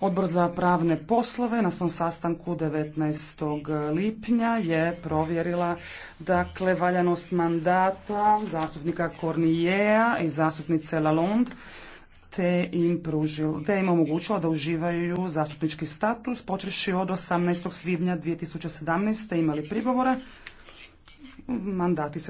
Odbor za pravne poslove na svom sastanku 19. lipnja je provjerila dakle valjanost mandata zastupnika Kornijeja i zastupnice Lalonde te im, pružil, te im omogućila da uživaju zastupnički status počeši od 18. svibnja 2017. imali prigovore. Mandati se